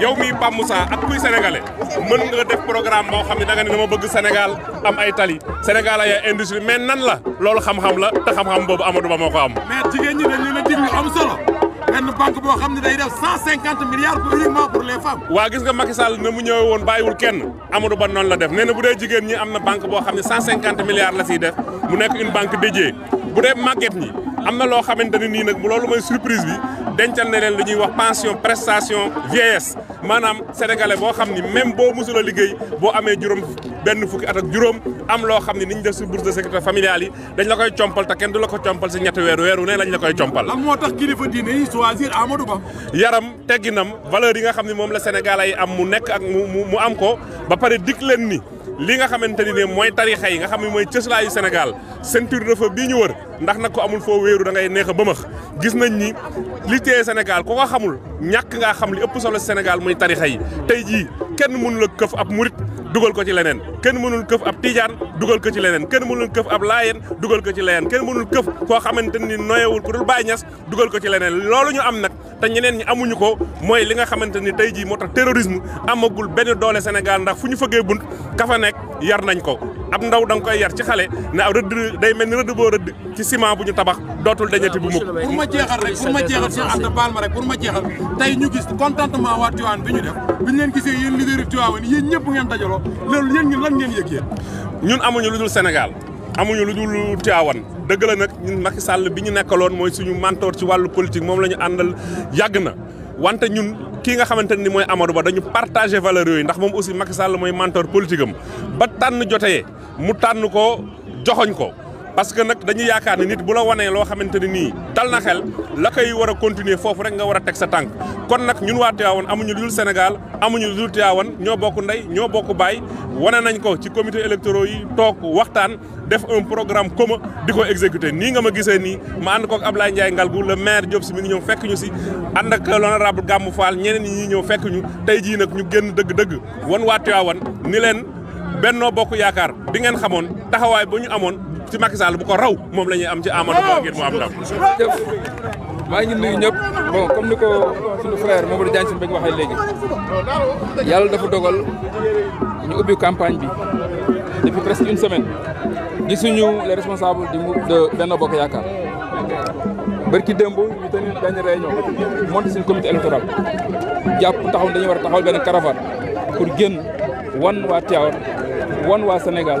yow mii pam Moussa ak kuy sénégalais mën nga def programme moo xam ne da nga ne dama bëgg Sénégal am ay tali Sénégal ay industrie mais nan la loolu xam-xam la te xam-xam boobu Amadou Ba moo ko am. mais jigéen ñi dañu leen a dig lu am solo benn boo xam ne day def cent cinquante milliards pour uniquement pour waa gis nga Macky Sall na mu ñëwee woon bàyyiwul kenn Amadou Ba noonu la def nee bu dee jigéen ñi am na banque boo xam ne cent cinquante milliards la siy def mu nekk une banque dédiée. bu dee màgget ñi am na loo xamante ne nii nag mu loolu mooy surprise bi dencal na leen lu ñuy wax pension prestation vieillesse maanaam sénégalais boo xam ni même boo musul a liggéey boo amee juróom benn fukki at juróom am loo xam ni ni ñu def si bourse de sécurité familiale yi dañ la koy compal te kenn du la ko compal si ñetti weeru weeru ne lañ la koy compal. lan moo tax kilifa diine yi choisir Amadou Ba. yaram tegginam valeur yi nga xam ni moom la sénégalais yi am mu nekk ak mu mu am ko ba pare dig leen ni. li nga xamante ni ne mooy tarixa yi nga xam ne mooy cëslaayu Sénégal ceinture de feu bii ñu wër ndax nag ko amul foo wéeru da ngay neex a bëmëx gis nañ ni li téye Sénégal ku ko xamul ñàkk ngaa xam li ëpp solo Sénégal muy tarixa yi tey jii kenn mënu këf ab murit dugal ko ci leneen kenn mënul këf ab tijaan dugal ko ci leneen kenn mënul këf ab laayeen dugal ko ci leneen kenn mënul koo xamante ni noyewul ku dul Baay Ñas dugal ko ci leneen loolu ñu am nag te ñeneen ñi amuñu ko mooy li nga xamante ni tey jii moo tax terrorisme amagul benn doole Sénégal ndax fu ñu fëggee bunt ka fa nekk yar nañ ko ab ndaw da nga koy yar ci xale na rëdd day mel ni rëdd boo rëdd ci ciment bu ñu tabax dootul dañati bu mukk pour ma jeexal rek pour ma jeexal seen ànd baal ma rek pour ma tey ñu gis contentement waa Tivaouane bi ñu def bi ñu leen gisee yéen leader yi Tivaouane yéen ñëpp ngeen dajaloo loolu yéen ngi lan ngeen ñun amuñu lu dul Sénégal amuñu lu dul Tivaouane dëgg la nag ñun Macky Sall bi ñu nekkaloon mooy suñu mentor ci wàllu politique moom la ñu àndal yàgg na wante ñun kii nga xamante ni mooy Amadou Ba dañu partagé valeur yooyu ndax moom aussi Macky Sall mooy mentor politique am ba tànn jotee mu tànn ko joxoñ ko. parce que nak dañuy yaakaar ni nit bu la wanee loo xamanteni ne nii dal na xel la koy war a continuer foofu rek nga war a teg sa tànk kon nag ñun waa Tivaouane amuñu lul Sénégal amuñu lul dul ñoo bokk ndey ñoo bokk baay wane nañ ko ci comité électoraux yi toog waxtaan def un programme commun di ko exécuter nii nga ma gisee nii ma ànd koog Ablaye Ndiaye Ngalgou le maire Diop si mi ngi ñëw fekk ñu si ànd ak l'honorable Gamou Fall ñeneen ñi ñëw fekk ñu tey jii nag ñu génn dëgg-dëgg won waa Tivaouane ni leen benno bokk yaakaar bi ngeen xamoon taxawaay ba ñu amoon ci Macky Sall bu ko raw moom la ñuy am ci Amadou Ba ngir mu am ndam. jërëjëf maa ngi nuyu ñëpp bon comme ni ko suñu frère Mamadou Diagne Sine Mbengue waxee léegi yàlla dafa dogal ñu ubbi campagne bi depuis presque une semaine gisuñu les responsables du de Benno Bokk Yaakaar barki démb ñu tenir benn réunion monté suñu comité électoral jàpp taxaw dañuy war a taxawal benn caravane pour génn wan waa Tivaouane wan waa Sénégal.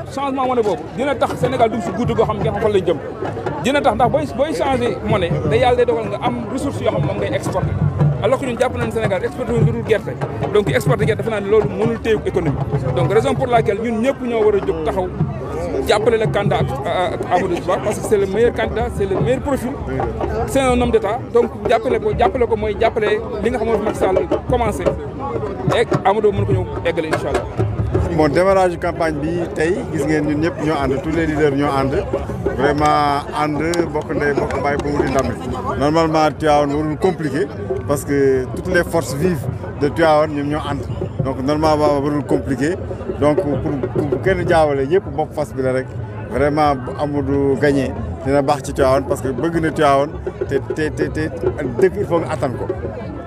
changement monnaie boobu dina tax Sénégal dugg si guutu goo xam nga xam fan lañ jëm dina tax ndax booy booy changé monnaie la yàlla day dogal nga am ressource yoo xam moom ngay exporté ñun jàpp nañu Sénégal exporté wuñ gerte donc exporté gerte defe ne loolu mënul téye économie donc raison pour ñëpp ñoo war a jóg taxaw jàppale le candidat ak Amadou Ba parce que c' est le meilleur candidat c' est profil c' est un homme donc jàppale ko ko mooy jàppale li nga xam ne Macky Sall bon démarrage campagne bi tay gis ngeen ñun ñëpp ñoo and tous les leaders ñoo and vraiment and bokk ndey bokk bàyyi bu mu di ndam li normalement Tivaouane warul compliqué parce que toutes les forces vives de Tivaouane ñoom ñoo and donc normalement warul compliqué donc pour pour kenn jaawale yëpp bopp fas bi la rek vraiment Amadou gagné dina bax ci Tivaouane parce que bëgg na Tivaouane te te te te dëkk il faut nga attan ko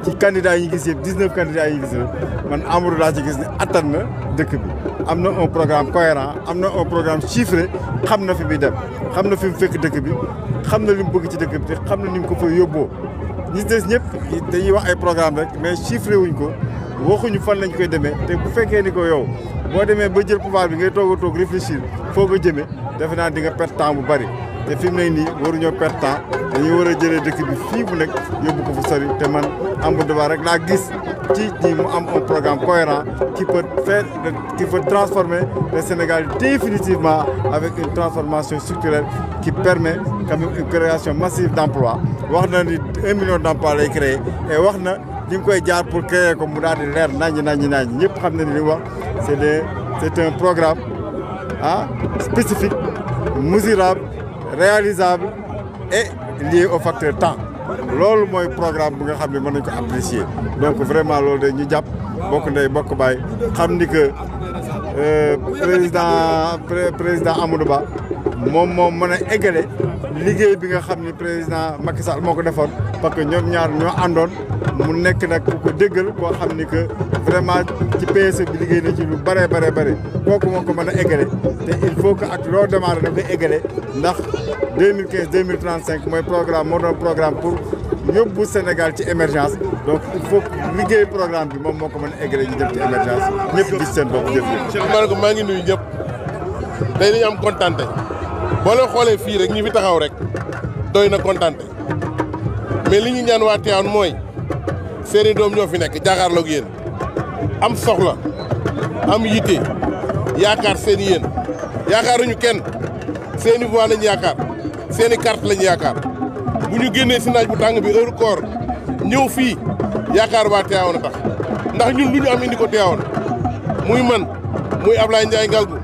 ci candidat yi ñu gis yëpp 19 candidats yi ñu gis man Amadou la ci gis ni attan na dëkk bi am na un programme cohérent am na un programme chiffré xam na fi bi dem xam na fi mu fekk dëkk bi xam na li mu bëgg ci dëkk bi te xam na ni mu ko fa yóbboo ñi des ñëpp dañuy wax ay programme rek mais chiffré wuñ ko waxuñu fan lañ koy demee te bu fekkee ni ko yow boo demee ba jël pouvoir bi ngay toog a toog réfléchir foo ko jëmee defe naa di nga perte temps bu bari te fi mu ne nii waruñoo perte temps dañuy war a jëlee dëkk bi fii bu nekk yóbbu ko fa sori te man Amadou Ba rek laa gis ci ñi mu am un programme cohérent qui peut faire qui peut transformer le Sénégal définitivement avec une transformation structurelle qui permet quand même une création massive d'emplois wax na ni un million d'emplois lay créer et wax na ñu ngi koy jaar pour créer ko mu daal di leer naññi ñëpp xam na ni li wax c'est des c'est un programme hein, spécifique, mesurable, réalisable et lié au facteur temps. loolu mooy programme bi nga xam ne ko apprécier donc vraiment loolu de ñu jàpp bokk ndey bokk baay xam euh, président président Amadou Ba moom moom mën a liggéey bi nga xam ni président Macky moo ko defoon parce que ñoom ñaar ñoo àndoon mu nekk nag ku ko déggal koo xam ni que vraiment ci PSE bi liggéey na ci lu bare bare bare kooku moo ko mën a eggale te il faut que ak loo démarré da koy eggale ndax 2015 2035 mooy programme moo doon programme pour yóbbu Sénégal ci émergence donc il faut liggéey programme bi moom moo ko mën a eggale ñu jëm ci émergence ñëpp gis seen bopp jëf jëf. Cheikh Marco maa ngi nuyu ñëpp am kontaan boo xoolee fii rek ñi fi taxaw rek doy na kontaan mais li ñu ñaan waa Tivaouane mooy seeni doom ñoo fi nekk jàkkaarloog yéen am soxla am yitte yaakaar seeni yéen yaakaar ñu kenn seeni voix lañu yaakaar seeni carte lañu yaakaar bu ñu génnee si naaj bu tàng bi heure koor ñëw fii yaakaar waa Tivaouane a tax ndax ñun lu ñu am indi ko Tivaouane muy man muy Ablaye Ndiaye Ngalgu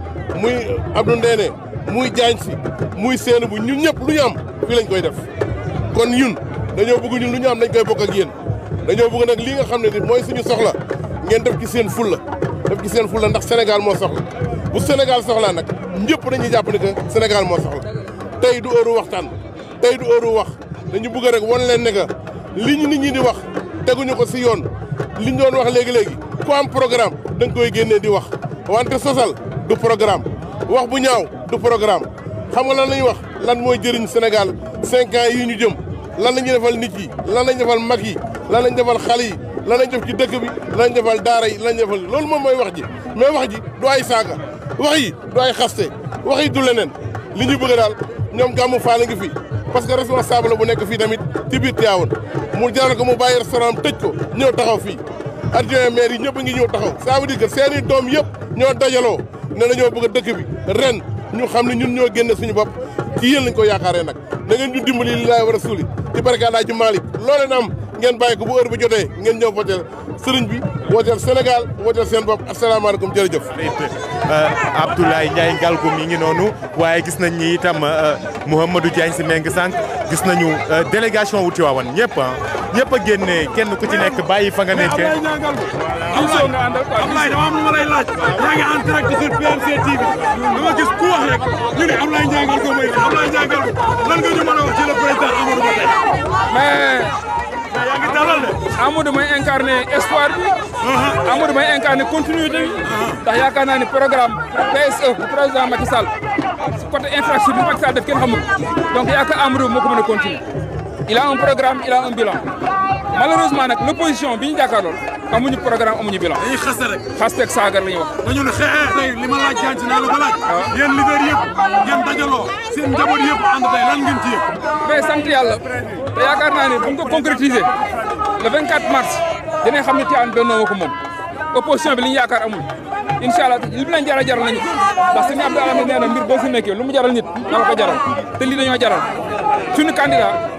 muy Abdou Ndéné muy jaañ si muy seen bu ñun ñëpp lu ñu am fii lañ koy def kon yun dañoo bëgg ñun lu ñu am dañ koy bokk ak yéen dañoo bëgg nag li nga xam ne ni mooy suñu soxla ngeen def ci seen fulla def ci seen fulla ndax Sénégal moo soxla bu Sénégal soxlaa nag ñëpp dañuy jàpp ne que Sénégal moo soxla tey du heure waxtaan tey du heure wax dañu bugg rek wan leen ne que li ñu nit ñii di wax teguñu ko si yoon li ñu doon wax léegi-léegi ku am programme da nga koy génnee di wax wante sosal du programme wax bu ñaaw du programme xam nga lan la ñuy wax lan mooy jëriñ Sénégal cinq ans yi ñu jëm lan la ñuy defal nit yi lan la ñu defal mag yi lan la ñu defal yi lan la ñu def ci bi lan la ñu daara yi lan la ñu loolu moom mooy wax ji mais wax ji du ay saaga wax yi du ay xaste wax yi du leneen li ñu bëgg daal ñoom gàmmu faale ngi fi parce que responsable la bu nekk fii tamit ci biir Tivaouane mu jaral ko mu bàyyi restaurant tëj ko ñëw taxaw fii adjoint maire yi ñëpp ngi ñëw taxaw ça veut dire seen i doom yëpp ñoo dajaloo ne dañoo bëgg a dëkk ren ñu xam ne ñun ñoo génne suñu bopp ci yéen lañ ko yaakaaree nag na ngeen ñu dimbali li a suuli ci barke Alaaji Maalik loolee ngeen bàyyi ko bu heure bi jotee ngeen ñëw votel sëriñ bi wooteel Sénégal wooteel seen bopp asalaamaaleykum jërëjëf. Euh, Abdoulaye Ndiaye Ngalgum mi ngi noonu waaye gis nañ ni itam euh, Mouhamadou Diagne si meng sànq gis nañu euh, délégation wu Tivaouane ñëpp ah ñëpp a génne kenn ku ci nekk bàyyi fa nga nekkee. Ablaye dama am lu ma lay laaj. yaa ngi en direct sur PMC TV. dama gis ku wax rek ñu ne Ablaye Ndiaye Ngalgum mooy Ablaye Ndiaye Ngalgum lan nga ñu mën a wax ci le président Amadou Ba tey. mais. Amadou may incarné espoir bi. Amadou may incarné continuité bi. ndax yaakaar ni programme PSE le président Macky Sall côté infrastructure bi Macky Sall def ken xamou donc yaakaar Amadou moko ko mën continuer il a un programme il a un bilan malheureusement nak l'opposition biñu ñu amuñu programme amuñu bilan. dañuy xaste rek. xaste ak saagar la ñuy wax. dañu ne xeexee tey li ma laaj jànci naa la ko laaj. waaw ah. yéen leader yëpp ngeen dajaloo seen njaboot yëpp ànd tey lan ngeen ci yëg. mais sant yàlla yaakaar naa ne bu ñu ko concrétiser le 24 mars dinañ xam ne Tivaouane Benno ko moom opposition bi li yaakaar amul. incha allah li mu leen jaral jaral nañu ndax suñu nee na mbir boo nekkee lu mu jaral nit na ko jaral te lii dañoo jaral suñu candidat.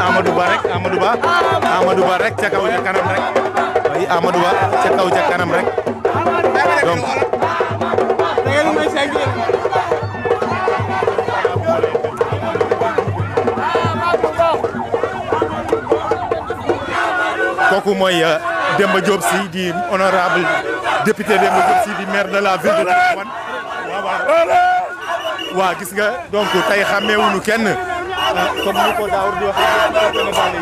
Amadou Ba rek Amadou Ba Amadou Ba rek ca kaw ca kanam rek ay Amadou Ba ca kaw ca kanam rek donc moy mooy euh, Demba Diop si di honorable député Demba Diop si di maire de la ville de Wa wa. Wa gis nga donc tay xamé wuñu kenn comme ni ko Daour di waxee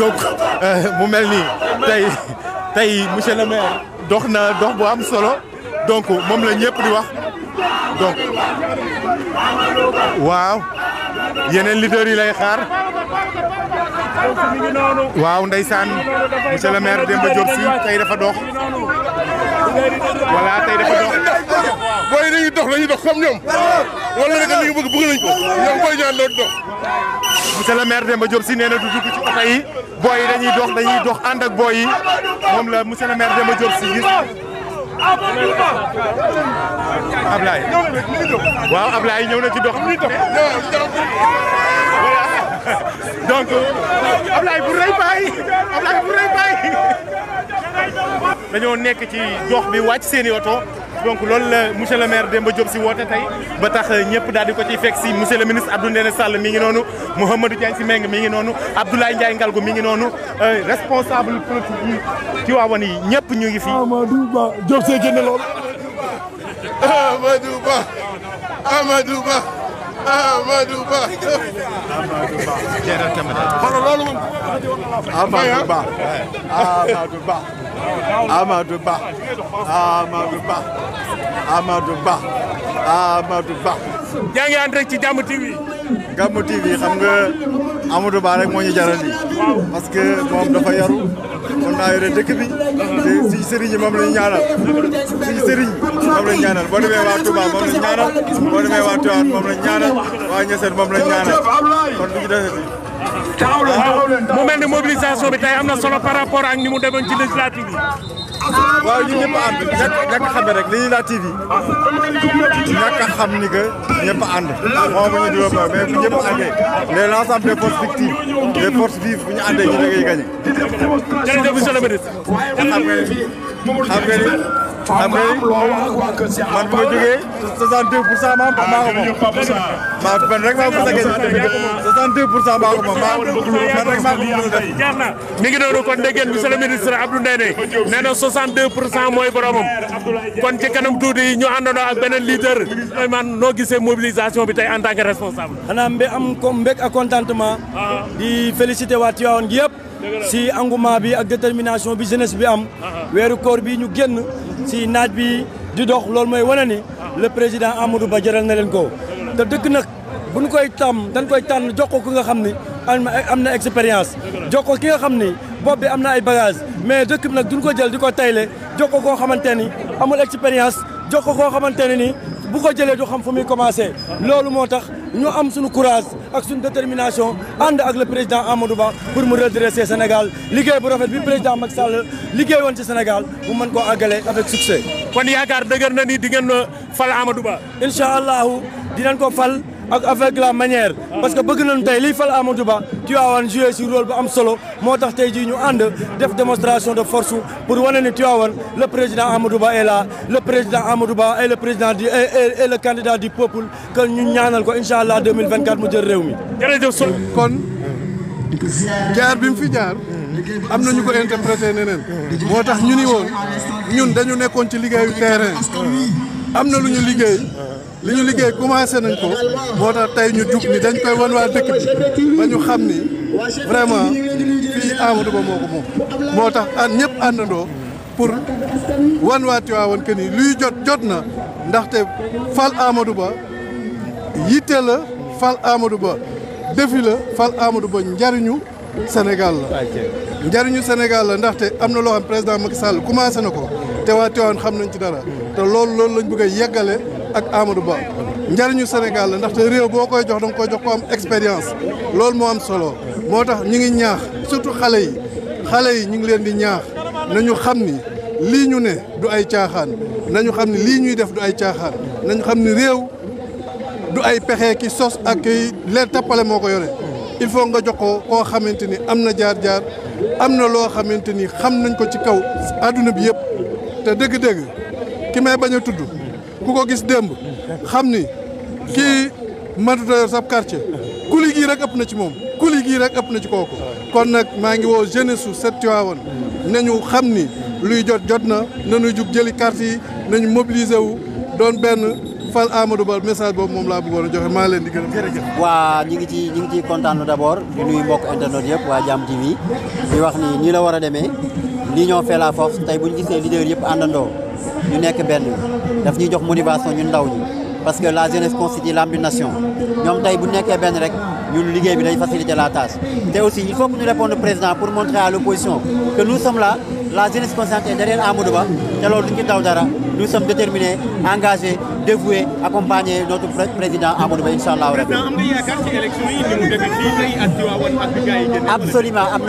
donc euh, mu mel nii tey tey monsieur le maire dox na dox bu am solo donk moom la ñëpp di wax donc waaw yeneen leaders yi lay xaar waaw ndeysaan monsieur le maire Demba Diop si tey dafa dox. voilà tey dafa dox. booy yi dañuy dox dañuy dox comme ñoom. wala nag li nga bëgg nañ ko. ñoom booy ñaan doo dox. monsieur le maire Demba Diop si nee na du dugg ci oto yi booy dañuy dox dañuy dox ànd booy yi moom la monsieur le maire Demba Diop si gis. Ablaye waaw Ablaye ñëw na ci dox donc Ablaye dañoo nekk ci jox bi wàcc seeni oto donc loolu la monsieur le maire ba Diop si woote tey ba tax ñëpp daal di ko ciy fekk si monsieur le ministre Abdou Ndéné Sall mi ngi noonu Mouhamadou Diagne si Meng mi ngi noonu Abdoulaye Ndiaye Ngalgu mi ngi noonu euh, responsable politique yi ci waawan yi ñëpp ñu ngi fi. Amadou Ba Diop see génne lool. Amadou Ba Amadou Amadou Ba Amadou Ba Amadou Ba Amadou Ba. yaa ngi ànd rek ci Gamou TV. Gamou TV xam nga Amadou Ba rek moo ñu jaral lii. parce que moom dafa yaru mën naa yore dëkk bi. te suñu sëriñ yi moom la ñu ñaanal. suñu sëriñ moom la ñu ñaanal boo demee waa Touba moom la ñu ñaanal boo demee waa Tivaouane moom la ñu ñaanal waa Niassène moom taxaw leen taxaw leen mu bi tey am na solo par rapport ak ni mu demoon ci législative yi. waaw ñun ñëpp a ànd ñàkk ñàkk a xamee rek législative yi ñàkk a xam ni que ñëpp a ànd. moo ma ñu di ba mais bu ñëpp a àndee les l' ensemble des forces ñu àndee ñu da ngay gagné. jërëjëf monsieur le ministre. xam après man bu ma jógee 62 pour cent maa a gis 62 pour a def. mi ngi doon kon dégg ngeen monsieur ministre Abdou nee na 62 pour cent mooy boromam kon ci kanam tuuti ñu àndandoo ak beneen leader man noo gisee mobilisation bi tey en tant que responsable. xanaa mbé am ko mbég ak contentement. di féliciter waa Tivaouane gi yëpp. si engouement bi ak détermination bi jeunesse bi am weeru koor bi ñu génn si naaj bi di dox loolu mooy wane ni le président Amadou Ba jëral na leen ko te dëkk nag bu ñu koy tàmm dañ koy tànn jox ko ki nga xam ni am na expérience jox ki nga xam ni bopp bi am na ay bagage mais dëkk bi nag duñ ko jël di ko tayle jox ko koo xamante ni amul expérience jox ko koo xamante ne ni bu ko jëlee du xam fu muy commencé loolu moo nous ñu am suñu courage ak suñu détermination and ak le président Amadou Ba pour mu redresser Sénégal Le bu rafet bi président Macky Sall liggéey woon ci Sénégal mu mën koo avec succès. kon yaakaar dëgër na ni di ngeen fal Amadou Ba. Inch'Allah, nous allons ko faire. ak avec la manière parce que bëgg nañu tey liy fal Amadou Ba Tivaouane joué si rôle bu am solo moo tax tey jii ñu ànd def démonstration de force pour wane ni Tivaouane le président Amadou Ba est là le président Amadou Ba est le président du et le candidat du peuple que ñu ñaanal ko incha allah 2024 mu jël réew mi. jërëjëf Sow kon jaar bi mu fi jaar. am na ñu ko interprété neneen. moo tax ñu ni woon ñun dañu nekkoon ci liggéeyu terrain. am na lu ñu liggéey. li ñu liggéey commencé nañ ko moo tax tey ñu jug ni dañ koy wan waa dëkk bi ba ñu xam ni vraiment fii Amadou Ba moo ko moom moo tax an ñëpp àndandoo pour wan waa Tiwaawan que ni luy jot jot na ndaxte fal Amadou Ba yitte la fal Amadou Ba defi la fal Amadou Ba njariñu Sénégal la njariñu Sénégal la ndaxte am na loo xam président Macky Sall commencé na ko te waa Tiwaawan xam nañ ci dara te loolu loolu lañ bëgg a yeggale ak Amadou Ba njariñu Sénégal la ndaxte réew boo koy jox danga ko jox ko am expérience loolu moo am solo moo tax ñu ngi ñaax surtout xale yi xale yi ñu ngi leen di ñaax nañu xam ni lii ñu ne du ay caaxaan nañu xam ni lii ñuy def du ay caaxaan nañu xam ni réew du ay pexe ki sos ak ki leen tappale moo ko yore il faut nga jox ko koo xamante ni am na jaar-jaar am na loo xamante ni xam nañ ko ci kaw àdduna bi yëpp te dëgg-dëgg ki may bañ a tudd bu ko gis démb xam ni kii mënut a yor sab quartier kuli gii rek ëpp na ci moom kuli gii rek ëpp na ci kooku kon nag maa ngi woo jeunesse su set Tiwaawan nañu xam ni luy jot jot na nañu jug jëli carte yi nañu mobiliser wu doon benn fal Amadou Ba message boobu moom laa bëggoon a joxe maa leen di gërëm jërëjëf. waa ñi ngi ci ñi ngi ciy kontaan d' abord di nuyu mbokk internet yëpp waa Jam TV di wax ni nii la war a demee l'union fait la force tey bu ñu gisee leader yëpp àndandoo. ñu nekk benn daf ñuy jox motivation ñun ndaw ñi parce que la jeunesse constitue l'âme d'une nation ñoom tey bu nekkee benn rek ñun liggéey bi day faciliter la tâche te aussi il faut que ñu répondre président pour montrer à l'opposition que nous sommes là la jeunesse consciente derrière Amadou Ba te loolu duñ ci daw dara nous sommes déterminés, engagés, dévoués, accompagner notre président Amadou mon absolument am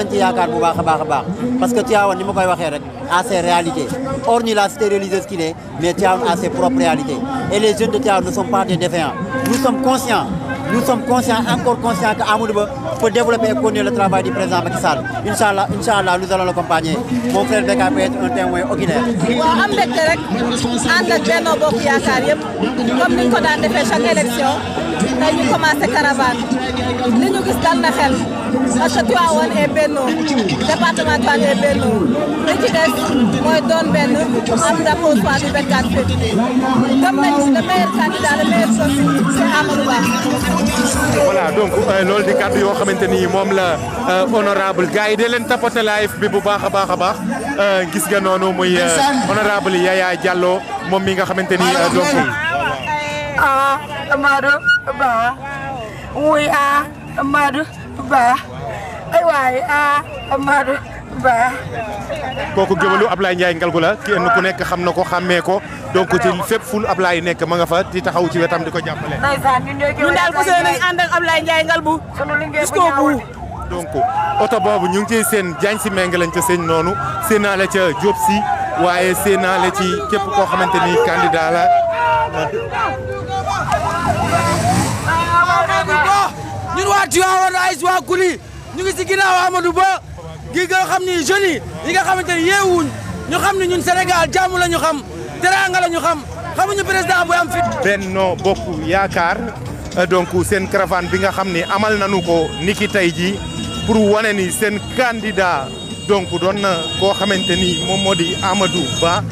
parce que Tiawan, ni koy rek à ses réalités hormis la cité ce qu'il est mais Tiawan a ses propres réalités et les jeunes de Tiawan ne sont pas des défaillants nous sommes conscients nous sommes conscients, encore conscients qu'Amoudouba peut développer et connaître le travail du président Macky Sall. Inch'Allah, Inch'Allah, nous allons l'accompagner. Mon frère Beka peut être un témoin ordinaire. Comme nous avons fait chaque élection, nous avons commencé caravane. Nous avons fait parce que Tivaouane et Benno département Tivaouane et mooy doon benn am drapeau du 24 février gëm nañu le meilleur candidat le meilleur sorti c'est Amadou Ba. voilà donc euh, loolu di kàddu yoo xamante ni moom la euh, honorable gars yi di leen tapoter bi bu baax a baax a baax euh, gis nga noonu muy honorable Yaya Diallo moom mi nga xamante ni donc. ah Amadou Ba ah, ba ay waay ah Amadou Ba. kooku géwalu Ablaye Ndiaye Ngalgou la kenn ku nekk xam na ko xàmmee ko donc ci fépp fu nekk ma nga fa di taxaw ci wetam di ko jàppale. ñun daal bu soo nañ ànd ak Ablaye Ndiaye Ngalgou jusqu'au bout. donc oto boobu ñu ngi ciy seen jaañ si méng lañ ca seen noonu seen naa la ca Diop si waaye seen naa la ci képp koo xamante ni candidat la. Tivaouane AS wa Kuli ñu ngi si ginaaw Amadou Ba gi nga xamni ni yi nga xamante ni yeewuñ ñu xamni ñun senegal jàmm lañu xam teranga la xam xamuñu president bu am fit Benno bokku yaakar euh, donc sen caravane bi nga xamni amal nañu ko niki tay ji pour wone ni sen candidat donc don na koo xamante ni moom Amadou Ba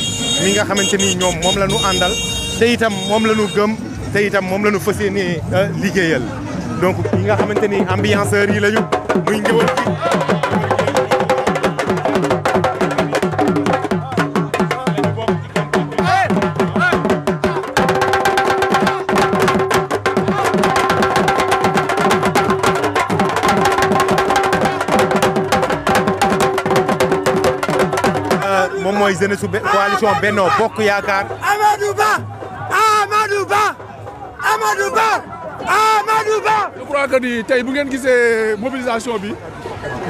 mi nga xamanteni ñom mom lañu andal te itam mom lañu gëm te itam mom lañu fassiyene euh, liggeyal donc ñi nga xamante ni ambianceurs yi lañu muy ngëwal bi euh, moom mooy jeunesse su coalition Benno Bokk Yaakaar. Amadou Ba. Amadou ah, Ba. je crois que ni tey bu ngeen gisee mobilisation bi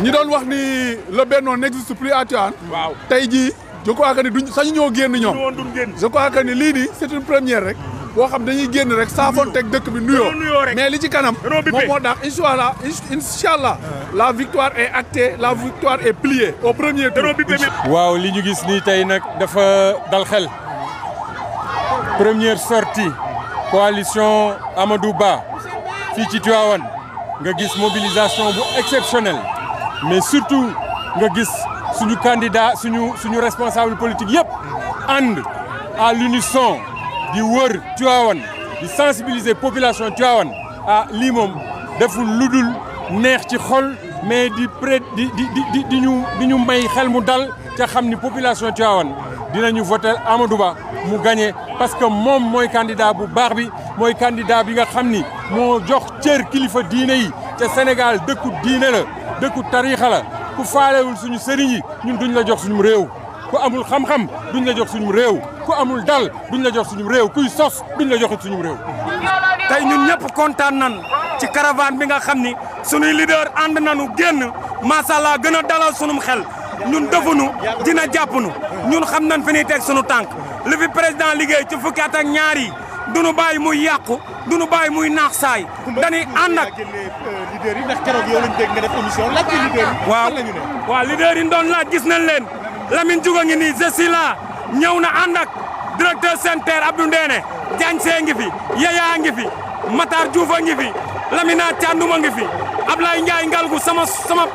ñi doon wax ni le Benno n'existe plus à Tivaouane. waaw tey jii je crois que ni duñ sañu ñoo génn je crois que ni lii nii c'est une première rek. boo xam dañuy génn rek saafoonteeg dëkk bi nuyoo mais li ci kanam moom moo tax incha allah incha allah la victoire est actée la victoire est pliée au premier tour. waaw li ñu gis nii tey nag dafa dal xel première sortie coalition Amadou Ba fii ci nga gis mobilisation bu exceptionnelle mais surtout nga gis suñu candidat suñu suñu responsable politique yëpp ànd à l'unisson di wër Tivaouane di sensibiliser population Tivaouane à lii de deful lu neex ci xol mais di près di di di di ñu di ñu may xel mu dal ca xamni population Tivaouane dinañu voter Amadouba Ba mu gagné parce que moom mooy candidat bu baax bi mooy candidat bi nga xamni mo jox cër kilifa diiné yi ca Sénégal dëkku diiné la dëkku tariixa la ku faalewul suñu sëriñ yi ñun duñ la jox suñu réew ku amul xam-xam duñ la jox suñu réew ku amul dal duñ la jox suñu réew kuy sos duñ la jox suñu réew. tay ñun ñep contane nan ci caravane bi nga xamni suñu leader and nañu genn ma sha allah gëna dalal suñu xel ñun defuñu dina jàppnu ñun xam nañ fi ñuy teg suñu tànk li fi président liggéey ci fukki at ak ñaar yi du nu bàyyi muy yàqu du nu bàyyi muy naax saay. dañuy ànd ak euh, leader yi ndax keroog yow yi. waaw waaw leader yi laaj gis nañ leen Lamine Diouf a ngi nii je suis là ñëw na ànd ak directeur SENTER Abdou Ndéné Diagne ngi fi Yaya ngi fi Matar Diouf a ngi fi Lamina Thiandoum a ngi fi Ablaye Ndiaye Ngalgu sama sama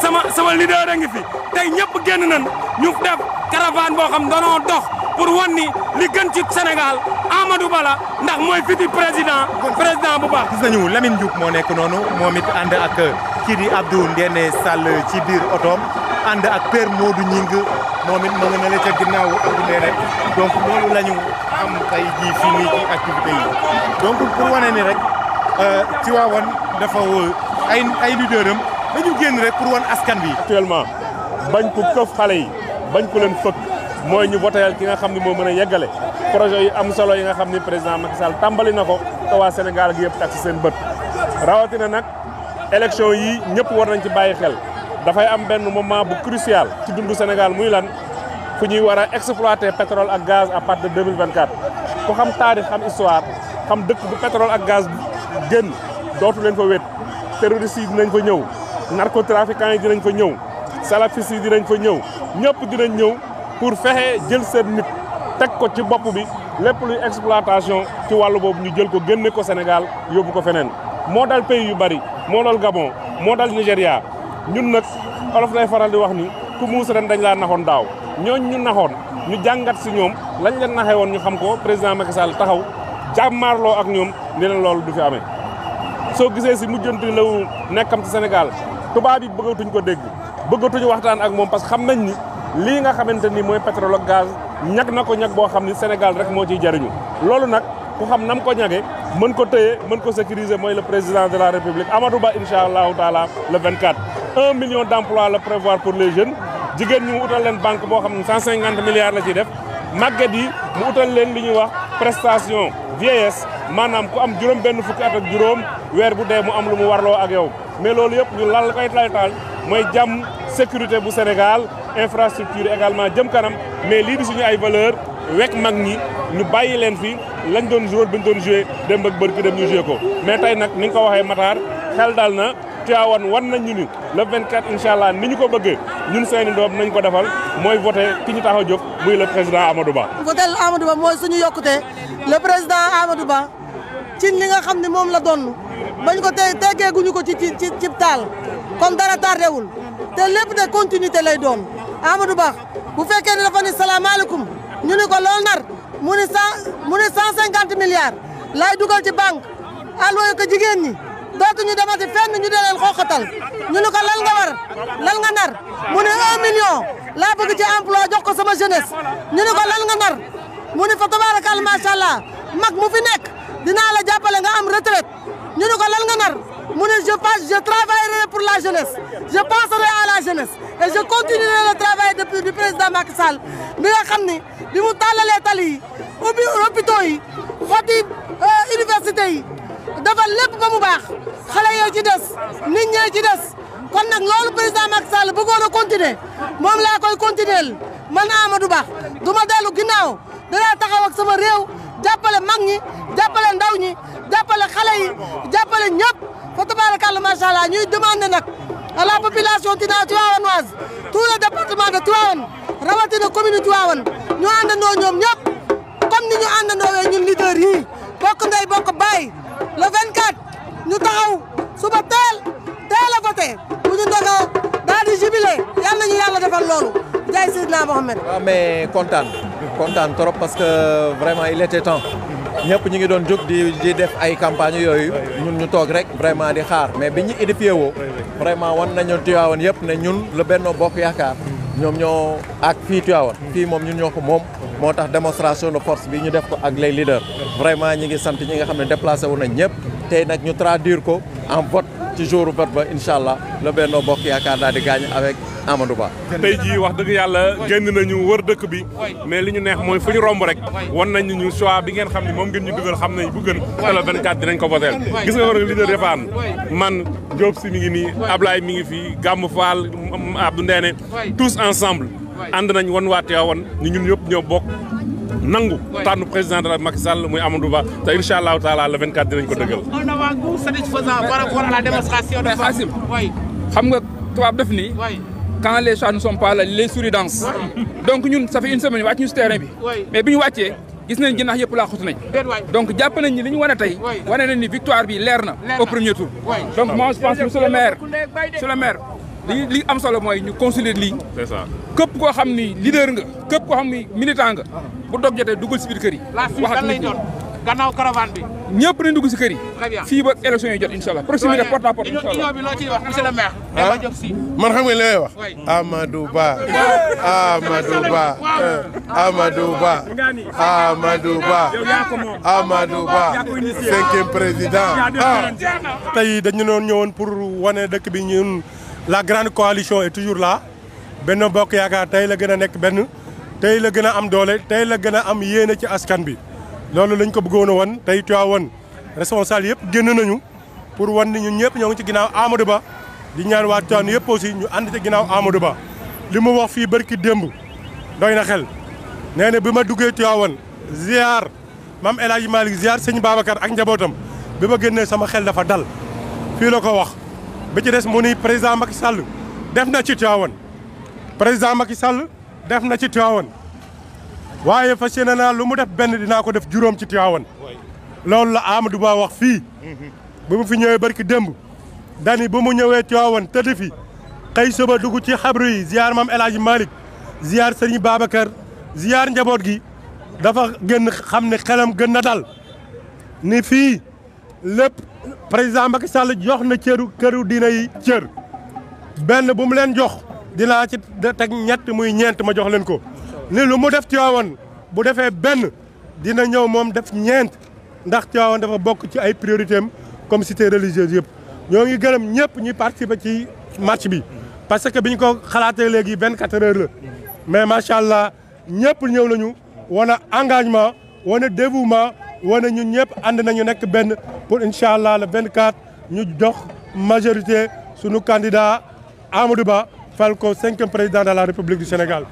sama sama leader a ngi fi tey ñëpp génn nañ ñu def caravane boo xam dox pour wan li gën ci Sénégal Amadou Ba la ndax mooy fiti président président bu baax. gis nañu Lamine moo nekk noonu moom it ànd ak kii di Abdou Ndéné Sall ci biir otoom. ànd ak père Modou Ñing moom it ma nga ne la ca ginnaawu ak leneen donc loolu la am tey jii fii nii yi donc pour wane ni rek ci euh, waawan dafa ay ay leader am dañu rek pour wan askan bi actuellement bañ ko këf xale yi bañ ko leen fëkk mooy ñu voteel ki nga xam ne moo mën a yeggale projet yi am solo yi nga xam ni président Macky Sall tàmbali na ko waa Sénégal gi yëpp tak si seen bët rawatina nag élection yi ñëpp war nañ ci bàyyi xel dafay am benn moment bu crucial ci dundu Sénégal muy lan fu ñuy war a exploiter pétrole ak gaz à partir de 2024 ku xam taarix xam histoire xam dëkk bu pétrole a gaz génn dootu leen fa wét terroristes yi dinañ fa ñëw narcotrafiquants yi dinañ fa ñëw salafistes yi dinañ fa ñëw ñëpp dinañ ñëw pour fexe jël seen nit teg ko ci bopp bi lépp luy exploitation ci wàllu boobu ñu jël ko génne ko Sénégal yóbbu ko feneen moo dal pays yu bari moo dal Gabon moo dal Nigéria ñun nag olof day faral di wax ni ku muus ren dañ laa naxoon daaw ñooñ ñu naxoon ñu jàngat si ñoom lañ leen naxee woon ñu xam ko président Macky Sall taxaw jàmmaarloo ak ñoom ne leen loolu du fi amee soo gisee si mujjanti lawu nekkam ci Sénégal tubaab yi bëggatuñ ko dégg bëggatuñu waxtaan ak moom parce que xam nañ ni lii nga xamante ni mooy pétrole ak gaz ñag na ko ñag boo xam ni Sénégal rek moo ciy jariñu loolu nag ku xam nam ko ñage mën ko téye mën ko sécuriser mooy le président de la république Amadou Ba incha allahu taala le 24. 1 million d'emplois la prévoir pour les jeunes jigen ñu outal len banque bo xam 150 milliards la ci def màggat yi mu outal len li ñu wax prestation vieillesse manam ku am juroom benn fukk ak juroom weer bu dé mu am lu mu warlo ak yow mais lolu yëpp ñu lal koy tal moy jam sécurité bu Sénégal infrastructure également jëm kanam mais li di suñu ay valeur wek mag ñi ñu bàyyi len fi lañ doon joué buñ doon jouer dem ak barki dem ñu jouer ko mais tay nak ni nga ko Matar xel dal na Tivaouane wan nañ na ni le 24 incha allah ni ko bëggee ñun seeni doom nañ ko defal mooy voté ki ñu tax a jóg muy le président Amadou Ba. voté Amadou Ba mooy suñu yokkute le président Amadou Ba ci li nga xam ne moom la doon bañ ko tey teggeeguñu ko ci ci ci ci taal kon dara tardé wul te lépp de continuité lay doon Amadou Ba bu fekkee ne dafa ni salaamaaleykum ñu ni ko lool nar mu ni cent mu ni cent cinquante milliards lay dugal ci banque alwayo ko jigéen ñi. dootuñu demati fenn ñu daleen xooxatal ñu ni ko lan nga war lan nga nar mu ne un million laa bëgg ci emploi jox ko sama jeunesse ñu ni ko lan nga nar mu ne fa tabaarakal macha allah mag mu fi nekk dinaa la jàppale nga am retraite ñu ni ko lan nga nar mu ne je pense je travaillerai pour la jeunesse je penserai à la jeunesse et je continuerai le travail depuis du président Macky Sall bi xam ni bi mu tàllalee tali yi ubbi hôpitaux yi xotti euh, université yi defal lépp ba mu baax xale yoo ci des nit ñee ci des kon nag loolu président Macky Sall bëggoon a continuer moom laa koy continuer man Amadou Ba du ma dellu ginnaaw danaa taxaw ak sama réew jàppale mag ñi jàppale ndaw ñi jàppale xale yi jàppale ñëpp fa tabaarakàlla macha ñuy demander nag à la population tina tivaouanoise tout le département de Tivaouane rawatina commune Tivaouane ñu àndandoo ñoom ñëpp comme ni ñu àndandoowee ñun leader yi bokk ndey bokk baay le 24 ñu taxaw suba teel teel a voté bu ñu dogoo daal di jubilé yal nañu yàlla defal loolu jaay Seydina Mohamed. ah mais kontaan kontaan trop parce que vraiment il était temps. ñëpp ñu ngi doon jóg di di def ay campagne yooyu ñun ñu toog rek vraiment di xaar mais bi ñu édifié woo vraiment wan nañu Tivaouane yëpp ne ñun le Benno Bokk Yaakaar ñoom ñoo ak fii Tivaouane fii moom ñun ñoo ko moo tax démonstration de force bi ñu def ko ak les leaders vraiment ñi ngi sant ñi nga xam ne déplacé wu nañ ñëpp tey nag ñu traduire ko en vote ci jour vote ba incha allah la Benno Bokk Yaakaar daal di gagné avec Amadou Ba. tey jii wax dëgg yàlla génn nañu wër dëkk bi mais li ñu neex mooy fu ñu romb rek wan nañu ñu choix bi ngeen xam ne moom ngeen ñu dugal xam nañ bu gën te le 24 dinañ ko voté gis nga ko nag leader Refane man Diop si mi ngi nii Ablaye Nous nañ wan waa ñu ñun ñëpp ñoo bok nangu de Macky le 24 dinañ ko on a satisfaisant par rapport à la démonstration de xam nga def quand les chats ne sont pas là les souris dansent. donc ça fait une semaine wacc ñu terrain bi. mais biñu waccé gis nañ la xut nañ donc japp nañ ni wone tay nañ ni victoire bi lérna au premier tour donc moi je pense monsieur le maire Sur le maire li li am solo mooy ñu consolider lii. c'est ça képp koo xam leader nga képp koo xam ni militant nga. bu dog jotee dugal si biir kër yi. wax ak kan nit ñi gannaaw caravane bi. ñëpp nañ dugg si kër yi. fii ba élection yi jot incha proximité porte à porte incha union bi wax monsieur le maire. Ah? man xam nga wax. Amadou Ba Amadou Ba Amadou Ba Amadou Ba Amadou Ba cinquième président. Ah. pour dëkk bi ñun. la grande coalition est toujours là benn Bokk Yaakaar tey la gën a nekk benn tey la gën a am doole tey la gën a am yéene ci askan bi loolu lañ ko bëggoon a wan tey Tivaouane responsable yëpp génn nañu pour wan ni ñun ñëpp ñoo ngi ci ginnaaw Amadou Ba di ñaan waa Tivaouane yëpp aussi ñu ànd ci ginaaw Amadou Ba li mu wax fii bërki démb doy na xel nee na bi ma duggee Tivaouane ziar maam El Hadji Malick ziar sëñ Babacar ak njabootam bi ma génnee sama xel dafa dal fii la ko wax bi ci des mu ni président Macky Sall def na ci Tivaouane président Macky Sall def na ci Tivaouane waaye fas yéene naa lu mu def benn dinaa ko def juróom ci Tivaouane loolu la Amadou Ba wax fii bu mu fi ñëwee barki démb dani bu mu ñëwee Tivaouane tëdd fi xëy suba dugg ci xabru yi ziar maam El Hadj Malick ziar sëriñ Babacar ziar njaboot gi dafa gën xam ne xelam gën na dal ni fii lépp président Macky Sall jox na cëru këru diina yi cër benn bu mu leen jox dinaa ci teg ñett muy ñeent ma jox leen ko ni lu mu def Tivaouane bu defee benn dina ñëw moom def ñeent ndax Tivaouane dafa bokk ci ay priorité am comme cité religieuse yëpp ñoo ngi gërëm ñëpp ñuy participer ci match bi parce que biñ ko xalaatee léegi vingt quatre heures la mais macha allah ñëpp ñëw nañu wana engagement wana dévouement wane ñun ñëpp and nañu nekk benn pour Inshallah, le 24 ñu dox majorité suñu candidat Amadou Ba Falco, 5 cinquième président de la République du Sénégal.